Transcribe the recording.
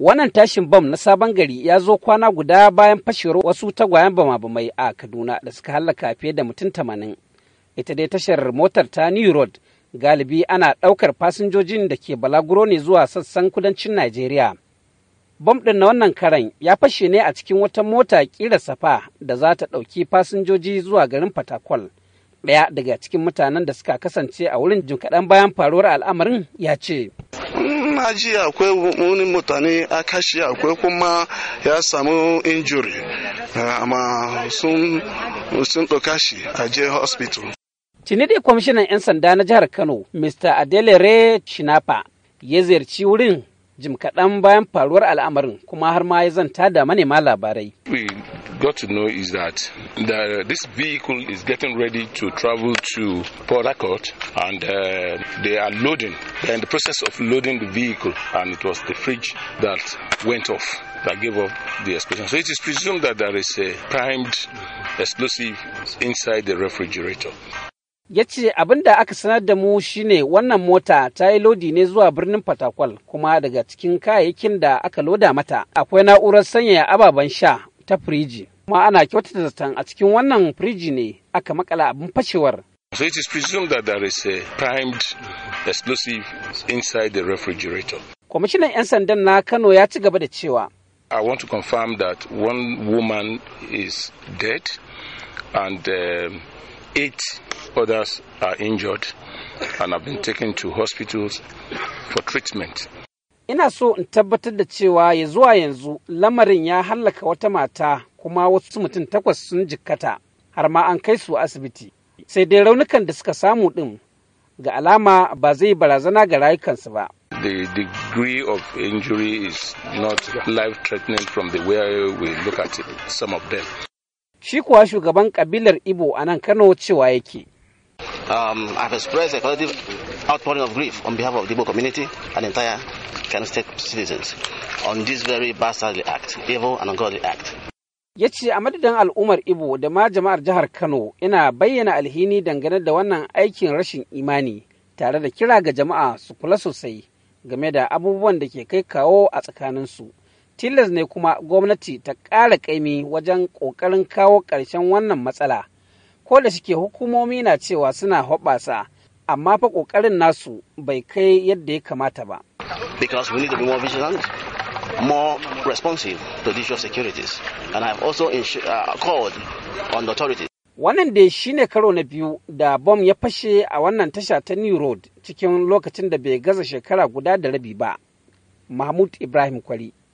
Wannan tashin bam na sabon gari ya zo kwana guda bayan fashewar wasu tagwayen bama-bamai a Kaduna da suka hallaka fiye da mutum tamanin. Ita dai tashar motar ta New Road galibi ana ɗaukar fasinjojin da ke balaguro ne zuwa sassan kudancin Najeriya. Bam ɗin na wannan karan ya fashe ne a cikin wata mota ƙira safa da za ta ɗauki fasinjoji zuwa garin Fatakwal. Ɗaya daga cikin mutanen da suka kasance a wurin jim bayan faruwar al'amarin ya ce. na ji akwai wani mutane a kashi akwai kuma ya samu injuri amma sun ɗauka shi a je hospital Tinidi kwamishinan 'yan sanda na jihar Kano, Mr. Adelere Shinapa, ya ziyarci wurin jim kaɗan bayan faruwar al'amarin kuma har ma ya zanta da manema labarai. We got to know is that the, this vehicle is getting ready to travel to Port Harcourt and uh, they are loading. They're in the process of loading the vehicle and it was the fridge that went off. that gave up the explosion. So it is presumed that there is a primed explosive inside the refrigerator. ya ce abin da aka sanar da mu shine wannan mota ta yi lodi ne zuwa birnin fatakwal kuma daga cikin kayayyakin da aka loda mata akwai na'urar sanyaya ababen sha ta firiji kuma ana kyautata zaton a cikin wannan firiji ne aka makala abin fashewar So it is presumed that there is a primed explosive inside the refrigerator. Kwamishinan 'yan sandan na Kano ya ci gaba da cewa. I want to confirm that one woman is dead and uh, eight others are injured and have been taken to hospitals for treatment. Ina so in tabbatar da cewa ya zuwa yanzu lamarin ya hallaka wata mata kuma wasu mutum takwas sun jikkata har ma an kai su asibiti. Sai dai raunukan da suka samu ɗin ga alama ba zai barazana ga rayukansu ba. The degree of injury is not life threatening from the way we look at it, some of them. Shi kuwa shugaban kabilar Ibo a nan Kano cewa yake. Um, I've expressed a collective outpouring of grief on behalf of the Igbo community and entire Kano state citizens on this very bastardly act, evil and ungodly act. ya ce a madadin al'ummar ibo da ma jama'ar jihar kano yana bayyana alhini dangane da wannan aikin rashin imani tare da kira ga jama'a su kula sosai game da abubuwan da ke kai kawo a tsakaninsu tilas ne kuma gwamnati ta ƙara ƙaimi wajen ƙoƙarin kawo ƙarshen wannan matsala ko da shike hukumomi na cewa suna hoɓasa amma fa ƙoƙarin nasu bai kai yadda ya kamata ba more responsive uh, Wannan dai shi ne karo na biyu da bom ya fashe a wannan tasha ta New Road cikin lokacin da bai gaza shekara guda da rabi ba. Mahmud Ibrahim Kwari,